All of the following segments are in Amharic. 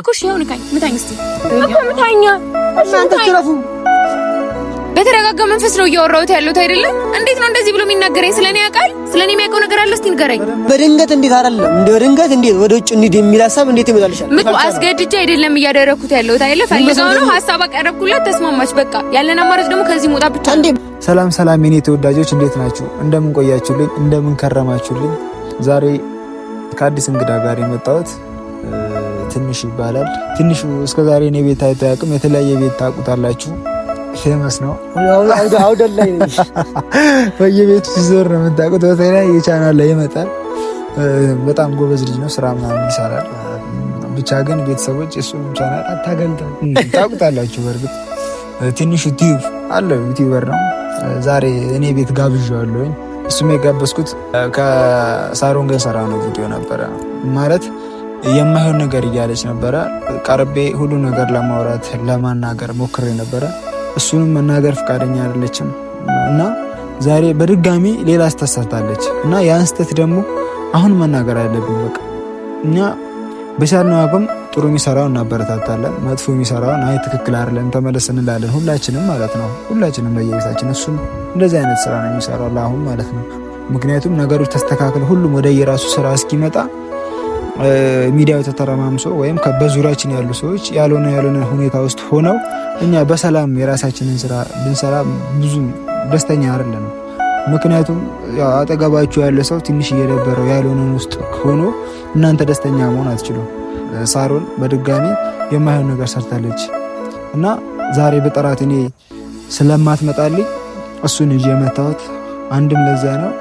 እኮሽ ይሁን ካኝ ምታኝ እስቲ እኮ ምታኛ። እናንተ ትረፉ። በተረጋጋ መንፈስ ነው እያወራሁት ያለሁት አይደለም። እንዴት ነው እንደዚህ ብሎ የሚናገረኝ? ስለኔ ያውቃል? ስለኔ የሚያውቀው ነገር አለ? እስቲ ንገረኝ። በድንገት እንዴት አይደለም እንደ ድንገት እንዴት ወደ ውጭ እንሂድ የሚል ሀሳብ እንዴት ይመጣልሻል? ምቱ አስገድጄ አይደለም እያደረኩት ያለሁት አይደለ? ፈልገው ነው ሀሳብ አቀረብኩላት፣ ተስማማች። በቃ ያለን አማራጭ ደግሞ ከዚህ መውጣት ብቻ። ሰላም ሰላም፣ የኔ ተወዳጆች እንዴት ናችሁ? እንደምን ቆያችሁልኝ? እንደምን ከረማችሁልኝ? ዛሬ ከአዲስ እንግዳ ጋር የመጣሁት ትንሽ ይባላል። ትንሹ እስከዛሬ እኔ ቤት አይቶ አያውቅም። የተለያየ ቤት ታውቁታላችሁ። ፌመስ ነው። አውደል ላይ በየቤቱ ሲዞር ነው የምታውቁት። በተለያየ የቻናል ላይ ይመጣል። በጣም ጎበዝ ልጅ ነው። ስራ ምናምን ይሰራል። ብቻ ግን ቤተሰቦች እሱም ቻናል አታገልጠም ታውቁታላችሁ። በእርግጥ ትንሹ ቲዩብ አለው ዩቲዩበር ነው። ዛሬ እኔ ቤት ጋብዣዋለሁኝ። እሱም የጋበዝኩት ከሳሮን ጋር የሰራ ነው ቪዲዮ ነበረ ማለት የማይሆን ነገር እያለች ነበረ። ቀርቤ ሁሉ ነገር ለማውራት ለማናገር ሞክሬ ነበረ። እሱንም መናገር ፈቃደኛ አይደለችም እና ዛሬ በድጋሚ ሌላ ስተሰርታለች እና ያን ደግሞ አሁን መናገር አለብኝ። በቃ እኛ በቻልነው አቅም ጥሩ የሚሰራውን እናበረታታለን፣ መጥፎ የሚሰራውን አይ ትክክል አይደለም ተመለስ እንላለን። ሁላችንም ማለት ነው፣ ሁላችንም በየቤታችን። እሱም እንደዚህ አይነት ስራ ነው የሚሰራው ለአሁን ማለት ነው። ምክንያቱም ነገሮች ተስተካከል ሁሉም ወደ የራሱ ስራ እስኪመጣ ሚዲያው ተተረማምሶ ወይም በዙሪያችን ያሉ ሰዎች ያልሆነ ያልሆነ ሁኔታ ውስጥ ሆነው እኛ በሰላም የራሳችንን ስራ ብንሰራ ብዙ ደስተኛ አይደለንም። ምክንያቱም አጠገባችሁ ያለ ሰው ትንሽ እየደበረው ያልሆነን ውስጥ ሆኖ እናንተ ደስተኛ መሆን አትችሉም። ሳሮን በድጋሚ የማይሆን ነገር ሰርታለች እና ዛሬ በጠራት እኔ ስለማትመጣልኝ እሱን ይዤ መታወት አንድም ለዛ ነው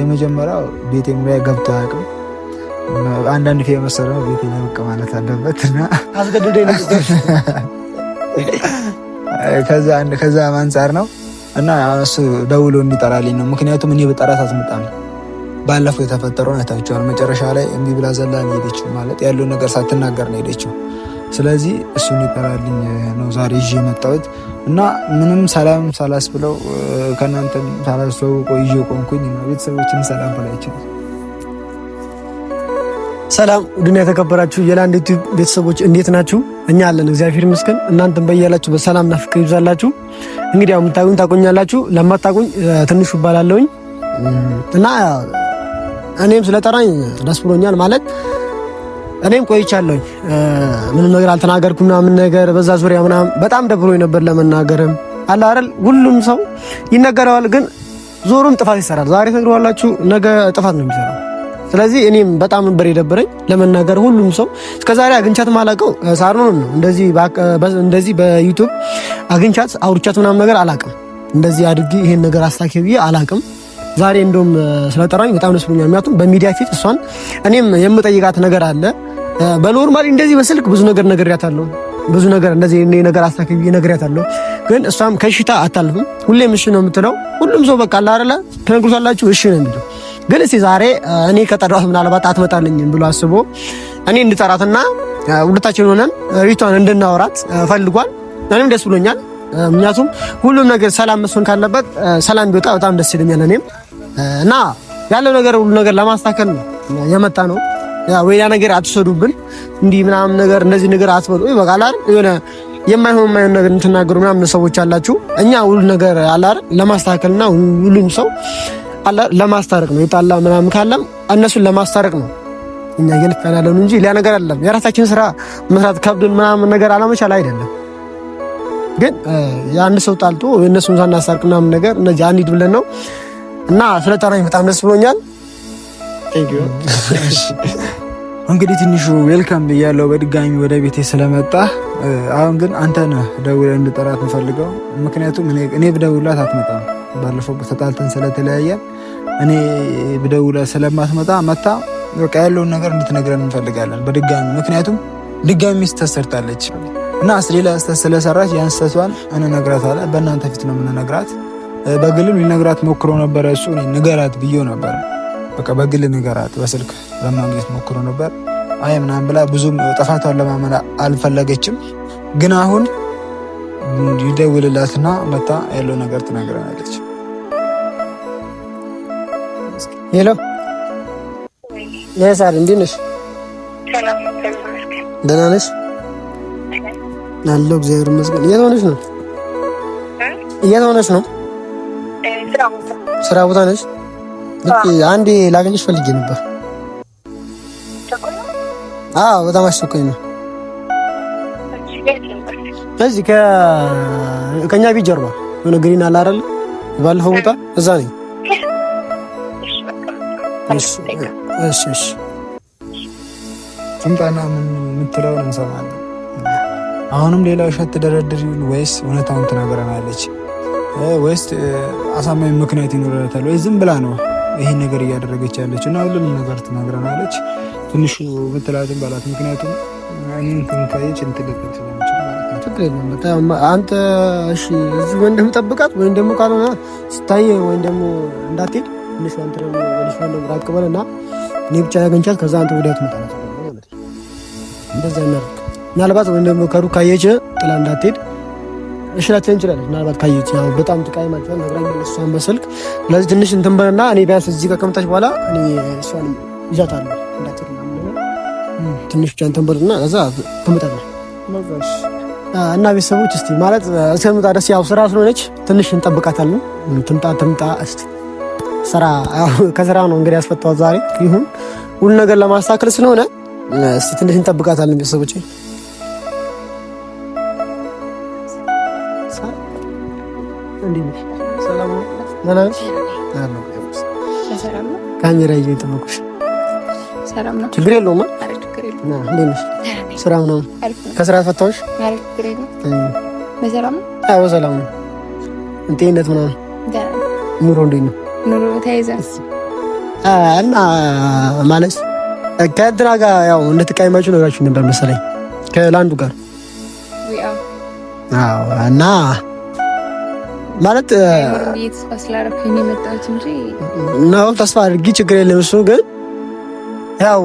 የመጀመሪያው ቤቴም ላይ ገብታ አያውቅም። አንዳንድ ፌመስ ሰው ቤት ቤቴ ላይ ብቅ ማለት አለበት እና ከዛ አንጻር ነው እና እሱ ደውሎ እንዲጠራልኝ ነው። ምክንያቱም እኔ በጠራት አትመጣም። ባለፈው የተፈጠረው አይታችኋል። መጨረሻ ላይ እምቢ ብላ ዘላ ሄደችው፣ ማለት ያለው ነገር ሳትናገር ነው ሄደችው። ስለዚህ እሱን ይጠራልኝ ነው ዛሬ ይዤ የመጣሁት እና ምንም ሰላም ሳላስ ብለው ከእናንተም ሳላስተዋውቀው ይዤ ቆምኩኝ። ቤተሰቦችን ሰላም ብላ ይችላል ሰላም ውድና የተከበራችሁ የላንድ ዩቲዩብ ቤተሰቦች እንዴት ናችሁ? እኛ አለን እግዚአብሔር ይመስገን። እናንተም በያላችሁ በሰላምና ፍቅር ይብዛላችሁ። እንግዲህ ያው የምታውቁኝ ታቆኛላችሁ፣ ለማታውቁኝ ትንሹ እባላለሁኝ እና እኔም ስለጠራኝ ደስ ብሎኛል። ማለት እኔም ቆይቻለሁኝ ምንም ነገር አልተናገርኩም ምናምን ነገር በዛ ዙሪያ ምናምን በጣም ደብሮኝ ነበር ለመናገርም አለ አይደል ሁሉም ሰው ይነገረዋል፣ ግን ዞሩም ጥፋት ይሰራል። ዛሬ ተግሯላችሁ፣ ነገ ጥፋት ነው የሚሰራው ስለዚህ እኔም በጣም ነበር የደበረኝ ለመናገር። ሁሉም ሰው እስከዛሬ አግኝቻት ማላቀው ሳርኖን ነው። እንደዚህ እንደዚህ በዩቱብ አግኝቻት አውርቻት ምናምን ነገር አላውቅም። እንደዚህ አድርጊ ይሄን ነገር አስታኪ ብዬ አላውቅም። ዛሬ እንደውም ስለጠራኝ በጣም ደስ ብሎኛል። ምክንያቱም በሚዲያ ፊት እሷን እኔም የምጠይቃት ነገር አለ። በኖርማል እንደዚህ በስልክ ብዙ ነገር ነግሬያታለሁ። ብዙ ነገር እንደዚህ እኔ ነገር አስታኪ ብዬ ነግሬያታለሁ። ግን እሷም ከሽታ አታልፍም። ሁሌም እሺ ነው የምትለው። ሁሉም ሰው በቃ አለ አይደለ፣ ትነግሩታላችሁ እሺ ነው የሚለው ግን እስቲ ዛሬ እኔ ከጠራሁት ምናልባት አትመጣልኝም ብሎ አስቦ እኔ እንድጠራትና ሁለታችን ሆነን ሪቷን እንድናወራት ፈልጓል። እኔም ደስ ብሎኛል። ምክንያቱም ሁሉም ነገር ሰላም መስፈን ካለበት ሰላም ቢወጣ በጣም ደስ ይለኛል። እኔም እና ያለው ነገር ሁሉ ነገር ለማስታከል ነው የመጣ ነው። ወይላ ነገር አትሰዱብን፣ እንዲህ ምናምን ነገር እንደዚህ ነገር አትበሉ። በቃ የሆነ የማይሆን የማይሆን ነገር የምትናገሩ ምናምን ሰዎች አላችሁ። እኛ ሁሉ ነገር አላር ለማስተካከልና ሁሉም ሰው ለማስታረቅ ነው። የጣላ ምናምን ካለም እነሱን ለማስታረቅ ነው። እኛ እየለፋን ያለን እንጂ ሌላ ነገር አይደለም። የራሳችን ስራ መስራት ከብዱን ምናምን ነገር አለመቻል አይደለም። ግን የአንድ ሰው ጣልቶ የእነሱን ሳናስታርቅ ምናምን ነገር እነዚህ አንሂድ ብለን ነው እና ስለ ጠራኝ በጣም ደስ ብሎኛል። እንግዲህ ትንሹ ዌልካም ብያለሁ በድጋሚ ወደ ቤቴ ስለመጣ። አሁን ግን አንተ ነህ ደውለህ እንድጠራት የምፈልገው ምክንያቱም እኔ ብደውላት አትመጣም። ባለፈው ተጣልተን ስለተለያየ እኔ ብደውለ ስለማትመጣ መታ በቃ ያለውን ነገር እንድትነግረን እንፈልጋለን በድጋሚ ምክንያቱም ድጋሚ ስህተት ሰርታለች እና ሌላ ስህተት ስለሰራች ያን ስህተቷን እንነግራታለን። በእናንተ ፊት ነው የምንነግራት። በግልም ሊነግራት ሞክሮ ነበረ እሱ ንገራት ብዬ ነበር። በቃ በግል ንገራት፣ በስልክ ለማግኘት ሞክሮ ነበር። አይ ምናምን ብላ ብዙም ጥፋቷን ለማመን አልፈለገችም ግን አሁን ይደውልላትና መታ ያለው ነገር ትነግረናለች። ሄሎ ሳር እንዴት ነሽ? ደህና ነሽ? አለሁ እግዚአብሔር ይመስገን። የት ሆነሽ ነው? የት ሆነሽ ነው? ስራ ቦታ ነሽ? አንዴ ላገኘሽ ፈልጌ ነበር። በጣም አስቸኳይ ነው። እዚህ ከኛ ቤት ጀርባ የሆነ ግሪን አለ አይደል? ባለፈው ቦታ እዛ ነኝ። እሺ እሺ። ትምጣና የምትለውን እንሰማለን። አሁንም ሌላ እሸት ትደረድር ይሁን ወይስ እውነታውን ትነግረናለች? ወይስ አሳማኝ ምክንያት ይኖረታል? ወይ ዝም ብላ ነው ይሄን ነገር እያደረገች ያለች? እና ሁሉም ነገር ትነግረናለች። ትንሹ ምትላትን ባላት ምክንያቱም እኔን ትንካየች እንትልቅት ችግር የለም። አንተ እሺ፣ እዚህ ወይ ጠብቃት ወይም ደግሞ ካልሆነ ስታይ ወይም ደግሞ እንዳትሄድ ትንሽ አንተ ደግሞ ወደሽ ወንድም ራቅ በል እና እኔ ብቻ ያገኝቻት ከዛ አንተ ወዲያ ትመጣለህ። እንደዛ ነው። ምናልባት ወይም ደግሞ ከሩቅ ካየች ጥላ እንዳትሄድ እሺ ላትለን እንችላለች። ምናልባት ካየች ያው በጣም ትቃይማችኋል ነግራኝ እሷን በስልክ ስለዚህ ትንሽ እንትን በልና እኔ ቢያንስ እዚህ ከቀምጣች በኋላ እኔ እሷን ይዛታለሁ። እንዳትሄድ ትንሽ ብቻ እንትን በልና እዛ ትመጣለህ። እና ቤተሰቦች እስቲ ማለት እስከምጣ ደስ ያው ስራ ስለሆነች ትንሽ እንጠብቃታለን። ትምጣ ትምጣ እስቲ ስራ ከስራ ነው እንግዲህ ያስፈታዋት ዛሬ ይሁን ሁሉ ነገር ለማስተካከል ስለሆነ እስቲ ትንሽ እንጠብቃታለን ቤተሰቦች። ካሜራ ችግር የለውም። እና እንዴት ከስራ በሰላም ሰላም ነው። ኑሮ እንዴት ነው? እና ማለት ከእንትና ጋር ያው እንድትቀይማችሁ ነገራችሁ ነበር መሰለኝ ከላንዱ ጋር እና ማለት ተስፋ አድርጊ፣ ችግር የለም እሱ ግን ያው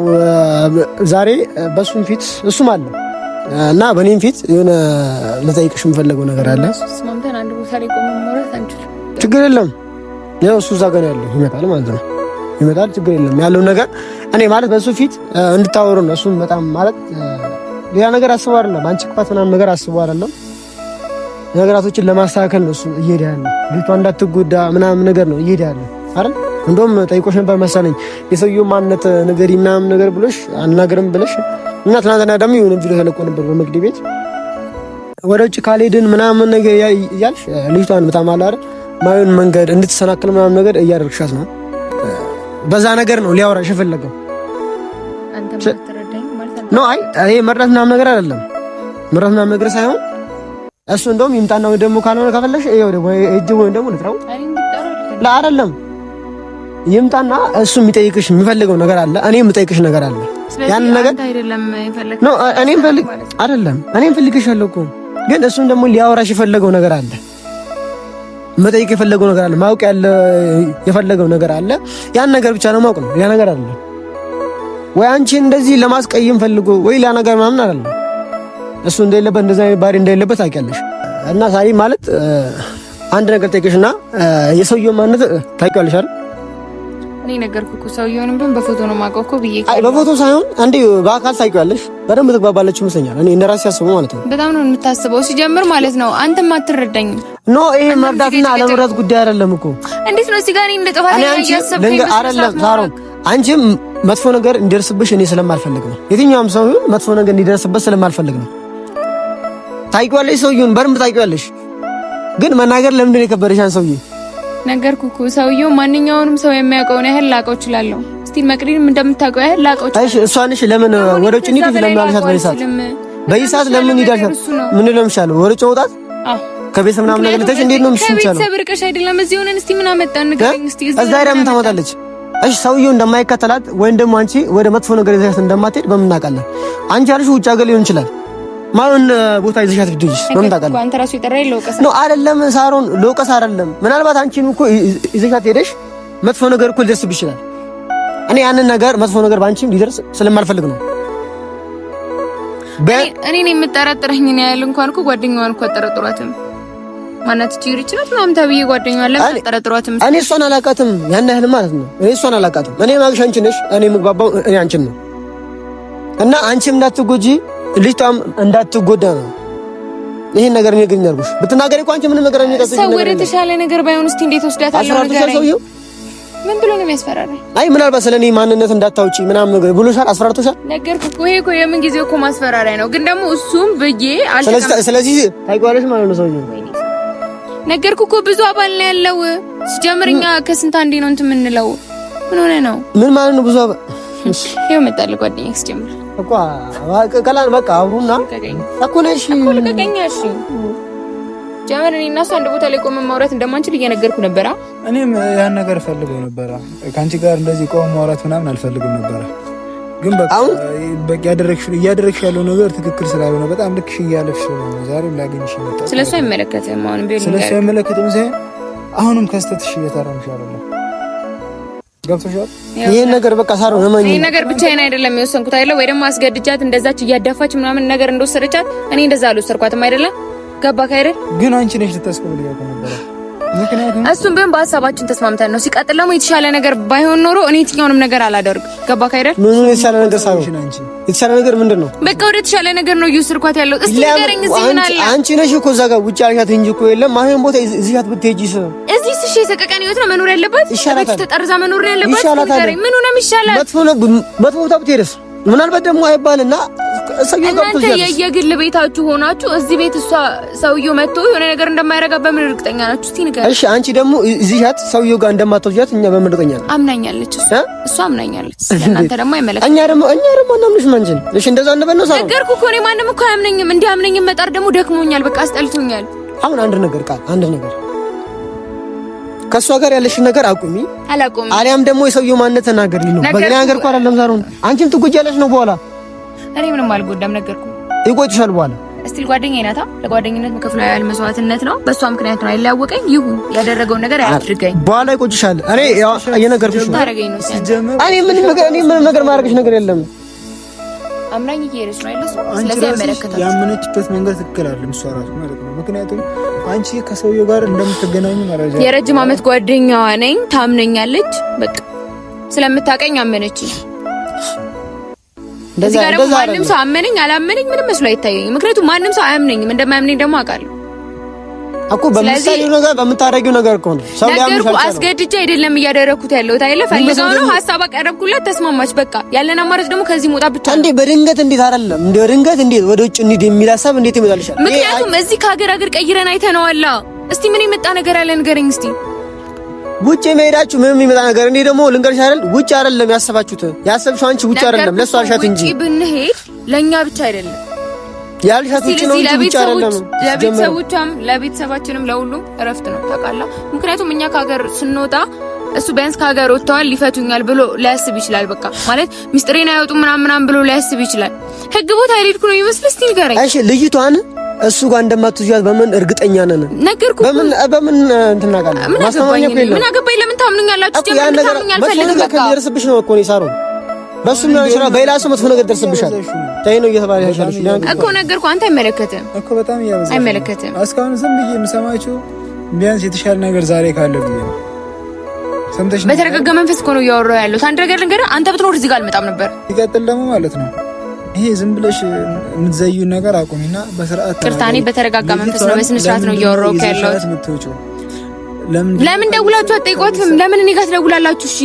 ዛሬ በሱም ፊት እሱም አለ እና በእኔም ፊት የሆነ ልጠይቅሽ የምፈለገው ነገር አለ። ችግር የለም ያው እሱ እዛ ጋር ያለው ይመጣል ማለት ነው ይመጣል። ችግር የለም ያለው ነገር እኔ ማለት በእሱ ፊት እንድታወሩ ነው። እሱም በጣም ማለት ሌላ ነገር አስበው አይደለም አንቺ ክፋት ምናምን ነገር አስበው አይደለም ነገራቶችን ለማስተካከል ነው እሱ እየሄደ ያለ ቤቷ እንዳትጎዳ ምናምን ነገር ነው እየሄደ ያለ አይደል እንደውም ጠይቆሽ ነበር መሰለኝ የሰውየው ማነት ነገር ምናምን ነገር ብሎሽ አናገርም ብለሽ እና ትናንትና ደግሞ የሆነ ቪዲዮ ተለቆ ነበር በመግድ ቤት ወደ ውጭ ካልሄድን ምናምን ነገር እያልሽ ልጅቷን በጣም አላረ ማዩን መንገድ እንድትሰናክል ምናምን ነገር እያደረግሻት ነው። በዛ ነገር ነው ሊያወራሽ የፈለገው። ኖ አይ ይሄ መርዳት ምናምን ነገር አይደለም። መርዳት ምናምን ነገር ሳይሆን እሱ እንደውም ይምጣና ወይ ደግሞ ካልሆነ ከፈለሽ ወይ ደግሞ እጅ ወይ ደግሞ ልጥራው ለአይደለም ይምጣና እሱ የሚጠይቅሽ የሚፈልገው ነገር አለ፣ እኔ የምጠይቅሽ ነገር አለ። ያን ነገር እኔም ፈልግ አይደለም እኔም እኮ ግን እሱም ደግሞ ሊያወራሽ የፈለገው ነገር አለ፣ መጠይቅ የፈለገው ነገር አለ፣ ማወቅ ያለ የፈለገው ነገር አለ። ያን ነገር ብቻ ነው ማወቅ ነው። ያ ነገር አለ ወይ አንቺ እንደዚህ ለማስቀየም ፈልጎ ወይ ላ ነገር ምናምን አይደለም። እሱ እንደሌለበት እንደዛ ባሪ እንደሌለበት ታውቂያለሽ። እና ሳሪ ማለት አንድ ነገር ጠይቅሽና የሰውየው ማነት ታውቂዋለሽ አይደል እኔ ነገርኩህ እኮ ሰውዬውን እንደውም በፎቶ ነው የማውቀው እኮ ብዬሽ። አይ በፎቶ ሳይሆን አንዴ በአካል ታውቂዋለሽ። በደንብ ትግባባለች ይመስለኛል። እኔ እንደራሴ ያስበው ማለት ነው። በጣም ነው የምታስበው ሲጀምር ማለት ነው። አንተም አትረዳኝም። ኖ ይሄ መርዳትና አለመርዳት ጉዳይ አይደለም እኮ። እንዴት ነው እዚህ ጋር እኔ እንደ ጥፋተኛ እያሰብኩኝ አይደለም ሳሮን አንቺም መጥፎ ነገር እንዲደርስብሽ እኔ ስለማልፈልግ ነው። የትኛውም ሰው ይሁን መጥፎ ነገር እንዲደርስበት ስለማልፈልግ ነው። ታውቂዋለሽ፣ ሰውዬውን በደንብ ታውቂዋለሽ። ግን መናገር ለምንድን ነው የከበደሽ? አንድ ሰውዬ ነገርኩ እኮ ሰውየው ማንኛውንም ሰው የሚያውቀውን ያህል ላቀው እችላለሁ። እስቲ መቅሪንም እንደምታውቀው ያህል ላቀው እችላለሁ። እሺ፣ እሷ ነሽ። ለምን ወደ ውጭ እንሂድ ለምን አልሻት? በይሳት በይሳት ለምን ይዳሻል? ምን ለምሻል? የሚሻለው? ወደ ውጭ መውጣት? አዎ ከቤተሰብ ምናምን ነገር ልተሽ እንዴት ነው የምትሽኝ? ይቻላል ቤተሰብ ርቀሽ አይደለም እዚህ ሆነን እስቲ ምን አመጣን ንገረኝ እስቲ። እዛ ሄዳ ምን ታመጣለች? እሺ ሰውየው እንደማይከተላት ወይም ደግሞ አንቺ ወደ መጥፎ ነገር ይዘሽ እንደማትሄድ በምን እናውቃለን? አንቺ ያልሽው ውጭ ሀገር ሊሆን ይችላል ማን ቦታ ይዘሻት ብትይዝ ምን ታውቃለህ? አንተ ራሱ ይጠራ ይለውቀስ ነው አይደለም? ሳሮን ለውቀስ አይደለም። ምናልባት አንቺን እኮ ይዘሻት ሄደሽ መጥፎ ነገር እኮ ሊደርስብሽ ይችላል። እኔ ያንን ነገር መጥፎ ነገር ባንቺም ሊደርስ ስለማልፈልግ ነው። እኔ እኔ የምጠረጥረኝ ነው ያህል እንኳን እኮ ጓደኛዋን እኮ አጠረጥሯትም ማናት ችግር ይችላል ምናምን ተብዬ ጓደኛዋን ለምን አጠረጥሯትም? እኔ እሷን አላውቃትም ያን ያህል ማለት ነው። እኔ እሷን አላውቃትም። እኔ ማግሽ አንቺ ነሽ፣ እኔ የምግባባው እኔ አንቺን ነው እና አንቺም እንዳትጎጂ ልጅቷም እንዳትጎዳ ነው። ይሄን ነገር ነው ግን ያልኩሽ ብትናገሪ እኮ አንቺ ምንም ነገር የሚቀሰኝ ነገር ሰው ወደ ተሻለ ነገር ባይሆን እስቲ እንዴት ወስዳት አለው ነገር ሰውዬው ምን ብሎ ነው የሚያስፈራራኝ? አይ ምናልባት ስለኔ ማንነት እንዳታውጪ ምናምን ነገር ብሎሻል፣ አስፈራርቶሻል። ነገርኩ እኮ ይሄ እኮ የምን ጊዜ እኮ ማስፈራሪያ ነው። ግን ደግሞ እሱም ብዬ አልተቀበልኩም። ስለዚህ ታውቂዋለሽ ማለት ነው ሰውዬው። ነገርኩ እኮ ብዙ አባል ነው ያለው። ሲጀምር እኛ ከስንት አንዴ ነው እንትን የምንለው። ምን ሆነ ነው ምን ማለት ነው ብዙ አባል ይሄው መጣል ጓደኛዬ ሲጀምር እኮ ቀላል በቃ አውሩና እኮ ነሽ ልቀቀኛሽ። ጀመር እኔ እና እሱ አንድ ቦታ ላይ ቆመን ማውራት እንደማንችል እየነገርኩ ነበረ እኔም ያን ነገር ፈልገው ነበረ። ከአንቺ ጋር እንደዚህ ቆመን ማውራት ምናምን አልፈልግም ነበረ። ግን በቃ እያደረግሽ ያለው ነገር ትክክል ስላልሆነ በጣም ልክሽ እያለፍሽ ነው። ዛሬም ላገኝሽ ይመጣል። ስለሱ አይመለከትም። አሁንም ቢሆን ስለሱ አይመለከትም ሳይሆን አሁንም ከስተትሽ እየተረምሽ አይደለም ገብቶሻል? ይሄን ነገር በቃ ሳሮ ነው ማኝ ነገር ብቻዬን አይደለም የወሰንኩት አይደለ ወይ ደግሞ አስገድጃት እንደዛች እያዳፋች ምናምን ነገር እንደወሰደቻት እኔ እንደዛ አልወሰድኳትም አይደለም። ገባክ አይደል? ግን አንቺ ነሽ ልታስቆምልኝ ነበር። እሱም ቢሆን በሀሳባችን ተስማምተን ነው። ሲቀጥል ደግሞ የተሻለ ነገር ባይሆን ኖሮ እኔ የትኛውንም ነገር አላደርግ። ገባክ አይደል? ምን የተሻለ ነገር ሳይሆን የተሻለ ነገር ምንድን ነው? በቃ ወደ ተሻለ ነገር ነው እየወሰድኳት ያለው። እስቲ ንገረኝ። እዚህ ምን አለ? አንቺ ነሽ እኮ እዛ ጋር ውጭ አልሻት እንጂ እኮ የለም። አሁን ቦታ እዚህ ጋር ብትሄጂስ እሺ የሰቀቀን ህይወት ነው መኖር ያለባት። ቤት ውስጥ ተጠርዛ መኖር ያለባት። ምን ሆነም ይሻላል። መጥፎ ቦታ ብትሄደስ ምናልባት ደግሞ አይባልና እናንተ የየግል ቤታችሁ ሆናችሁ እዚህ ቤት እሷ ሰውዬው መጥቶ የሆነ ነገር እንደማይረጋ በምን እርግጠኛ ናችሁ? እስቲ ንገር። እሺ አንቺ ደግሞ እዚህ ያት ሰውዬው ጋር እንደማትወስጃት እኛ በምን እርግጠኛ ነን? አምናኛለች፣ እሷ አምናኛለች። እናንተ ደግሞ አይመለከ እኛ ደግሞ እኛ ደግሞ እናምንሽ ማንችን። እሺ እንደዛ እንደበል ነው። ነገርኩ እኮ እኔ ማንም እኮ አያምነኝም። እንዲህ አምነኝም መጣር ደግሞ ደክሞኛል፣ በቃ አስጠልቶኛል። አሁን አንድ ነገር ቃል አንድ ነገር ከእሷ ጋር ያለሽን ነገር አቁሚ፣ አላቁሚ አሊያም ደግሞ የሰውየው ማንነት ተናገሪ ነው። በእኔ ነገር እኮ አይደለም ዛሬውን አንቺም ትጎጃለሽ ነው። በኋላ እኔ ምንም አልጎዳም ነገርኩ። ይቆጭሻል በኋላ እስቲል ጓደኛ ናታ። ለጓደኝነት መከፍና ያህል መስዋዕትነት ነው። በእሷ ምክንያት ነው አይለያወቀኝ። ይሁን ያደረገውን ነገር አያድርገኝ። በኋላ ይቆጭሻል። እኔ ነው። እኔ ምንም ነገር ማድረግሽ ነገር የለም አምናኝ እየሄደች ነው አይደል? ስለዚህ አይመለከታትም። ያመነችበት መንገድ ትክክል አይደለም እሷ እራሱ ማለት ነው። ምክንያቱም አንቺ ከሰውየው ጋር እንደምትገናኙ መረጃ የረጅም ዓመት ጓደኛዋ ነኝ፣ ታምነኛለች። በቃ ስለምታቀኝ አመነች። እዚህ ጋር ደግሞ ማንም ሰው አመነኝ አላመነኝ ምንም መስሎ አይታየኝም። ምክንያቱም ማንም ሰው አያምነኝም። እንደማያምነኝ ደግሞ አውቃለሁ። እኮ በምሳሌው ነገር በምታረጊው ነገር እኮ ነው ሰው ሊያምሽ አስገድጄ አይደለም እያደረኩት ያለሁት አይደለ ፈልገው ነው ሀሳብ አቀረብኩላት ተስማማች በቃ ያለን አማራጭ ደግሞ ከዚህ መውጣት ብቻ እንዴ በድንገት እንዴት አይደለም እንዴ በድንገት እንዴት ወደ ውጭ እንሂድ የሚል ሀሳብ እንዴት ይመጣልሻል ምክንያቱም እዚህ ከሀገር ሀገር ቀይረን አይተነዋል እስቲ ምን የመጣ ነገር አለ ንገረኝ እስቲ ውጭ የመሄዳችሁ ምንም የሚመጣ ነገር እኔ ደግሞ ልንገርሽ አይደል ውጭ አይደለም ያሰባችሁት ያሰብሽው አንቺ ውጭ አይደለም ለሷ አልሻት እንጂ ውጭ ብንሄድ ለእኛ ብቻ አይደለም ያልሻቶች ነው እንጂ ብቻ አይደለም። ለቤተሰቦቿም ለቤተሰባችንም ለሁሉም እረፍት ነው ታውቃላ። ምክንያቱም እኛ ከሀገር ስንወጣ እሱ ቢያንስ ከሀገር ወጥተዋል ሊፈቱኛል ብሎ ሊያስብ ይችላል። በቃ ማለት ሚስጥሬን አይወጡ ምናምን ብሎ ሊያስብ ይችላል። ህግ ቦታ ሄድኩ ነው ይመስል እስቲ ንገረኝ። እሺ ልጅቷን እሱ ጋር እንደማትዙያት በምን እርግጠኛ ነን? ነገርኩ። በምን በምን እንትናቃለ ማስተማመኛ ምን አገባኝ? ለምን ታምኑኛላችሁ? ጀምር ታምኑኛል ፈልግ በቃ ነው እኮ ነው ሳሮን በሱ ምን ይችላል? በሌላ ሰው መጥፎ ነገር ደርስብሻል። ተይ ነው እየተባለ እኮ ነገርኩ። አንተ አይመለከትም እኮ በጣም አይመለከትም። እስካሁን ዝም ብዬ የምሰማችሁ ቢያንስ የተሻለ ነገር ዛሬ ካለ ብዬ በተረጋጋ መንፈስ እኮ ነው እያወራሁ ያለሁት። አንድ ነገር ልንገርህ፣ አንተ ብትኖር እዚህ ጋር አልመጣም ነበር። ይቀጥል ደግሞ ማለት ነው ይሄ ዝም ብለሽ የምትዘዩ ነገር አቁሚና በስርዓት ቅርታ። በተረጋጋ መንፈስ ነው በስነ ስርዓት ነው እያወራሁ ያለሁት። ለምን ደውላችሁ አትጠይቋትም? ለምን እኔ ጋር ትደውላላችሁ? እሺ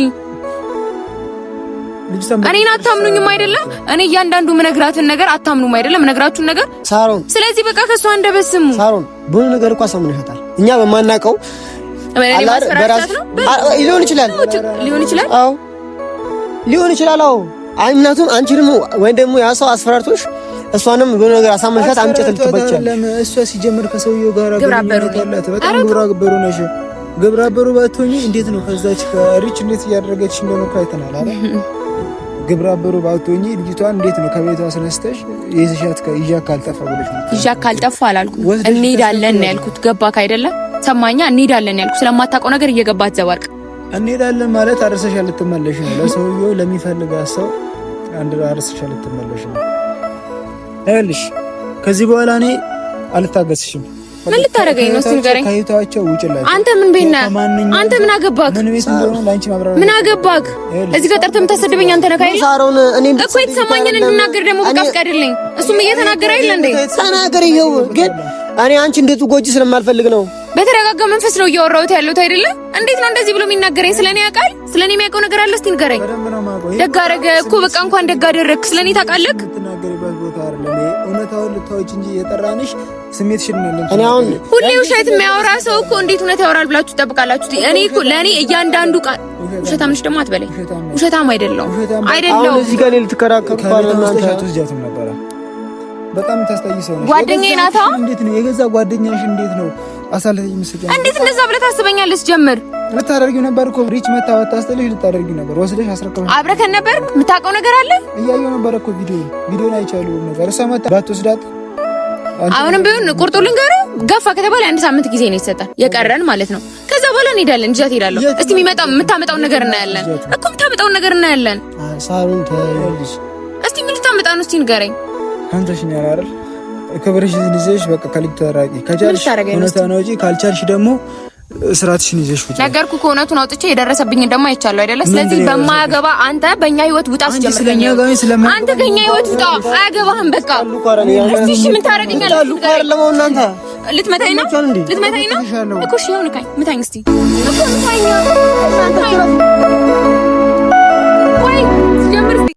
እኔን አታምኑኝም አይደለም? እኔ እያንዳንዱ ምነግራትን ነገር አታምኑም አይደለም? ምነግራችሁን ነገር ሳሮን። ስለዚህ በቃ ከሷ እንደበስሙ ሳሮን፣ ብዙ ነገር እኮ አሳምነሻታል። እኛ በማናውቀው ሊሆን ይችላል፣ ሊሆን ይችላል፣ አዎ ሊሆን ይችላል። አዎ አይ ምክንያቱም አንቺ ደግሞ ወይም ደግሞ ያ ሰው አስፈራርቶሽ እሷንም የሆነ ነገር አሳመሻት አምጨት ልትበቻል። እሷ ሲጀምር ከሰውየው ጋር በጣም ግብረ አበሩ ነሽ። ግብራበሩ ባትሆኚ እንዴት ነው ከዛች ከሪች እንዴት እያደረገች እንደሆነ እኮ አይተናል አይደል? ግብረ አበሩ ባትሆኚ ልጅቷን እንዴት ነው ከቤቷ አስነስተሽ ይዘሻት ይዣ ካልጠፋ ብለሽ ነው? ይዣት ካልጠፋ አላልኩም። እንሄዳለን ነው ያልኩት። ገባክ አይደለም? ሰማኛ። እንሄዳለን ያልኩ ስለማታውቀው ነገር እየገባት ዘባርቅ። እንሄዳለን ማለት አርሰሻ ልትመለሽ ነው። ለሰውየው ለሚፈልጋ ሰው አንድ አርሰሻ ልትመለሽ ነው። ይኸውልሽ ከዚህ በኋላ እኔ አልታገስሽም። ምን ልታደርገኝ ነው? እስቲ ንገረኝ። አንተ ምን ቤት ነህ? አንተ ምን አገባክ? ምን አገባክ? እዚህ ጋር ጠርተህ የምታሰድበኝ አንተ ነህ ካይል እኮ የተሰማኝን እንድናገር ደግሞ በቃ ፍቀድልኝ። እሱም እየተናገረ አይደል እንዴ? ተናገር። ይኸው ግን እኔ አንቺ እንድትጎጂ ስለማልፈልግ ነው። በተረጋጋ መንፈስ ነው እያወራሁት ያለሁት አይደለ? እንዴት ነው እንደዚህ ብሎ የሚናገረኝ? ስለኔ ያውቃል? ስለኔ የሚያውቀው ነገር አለ? እስቲ ንገረኝ። ደግ አደረገ እኮ በቃ እንኳን ደግ አደረግክ። ስለኔ ታውቃለህ ቦታ አይደለም። እውነታውን ልታወጪ እንጂ የጠራንሽ ነው። እኔ አሁን ሁሌ ውሸት የሚያወራ ሰው እኮ እንዴት እውነት ያወራል ብላችሁ ትጠብቃላችሁ? እኔ እኮ ለእኔ እያንዳንዱ ቃል ውሸታም ነሽ ደግሞ አትበለኝ። ውሸታም አይደለሁም አይደለሁም። እዚህ ጋር ነበረ። በጣም ሰው ነሽ። ጓደኛዬ እንዴት ነው የገዛ ጓደኛሽ? እንዴት ነው እንዴት እንደዛ ብለህ ታስበኛለህ? ጀምር ልታደርጊው ነበር እኮ ሪች መታወጣ ስትልሽ ልታደርጊው ነበር። ወስደሽ አስረከበ አብረከን ነበር። የምታውቀው ነገር አለ። እያየው ነበር እኮ ቪዲዮ ቪዲዮን አይቻሉ ነበር። እሷ መታ ባትወስዳት አሁንም ቢሆን ቁርጡ ልንገርህ፣ ገፋ ከተባለ አንድ ሳምንት ጊዜ ነው የተሰጠን የቀረን ማለት ነው። ከዛ በኋላ እንሄዳለን። ይዣት እሄዳለሁ። እስቲ የሚመጣው የምታመጣውን ነገር እናያለን እኮ የምታመጣውን ነገር እናያለን። ሳሩን ታይልሽ እስቲ ምን ልታመጣ ነው? እስቲ ንገረኝ። አንተሽ ነው ያላረል ክብርሽ ልዘሽ በቃ ከልጅ ተራቂ ከቻልሽ እውነታ ነው እንጂ ካልቻልሽ ደግሞ ስራትሽን ይዘሽ ውጪ ነገርኩ። ከእውነቱን አውጥቼ የደረሰብኝ ደግሞ አይቻለሁ አይደለ? ስለዚህ በማያገባ አንተ በእኛ ህይወት ውጣ። አንተ ከኛ ህይወት ውጣ። አያገባህም። በቃ እሺ፣ ምን ነው? እኮ። ምታኝ እስቲ እኮ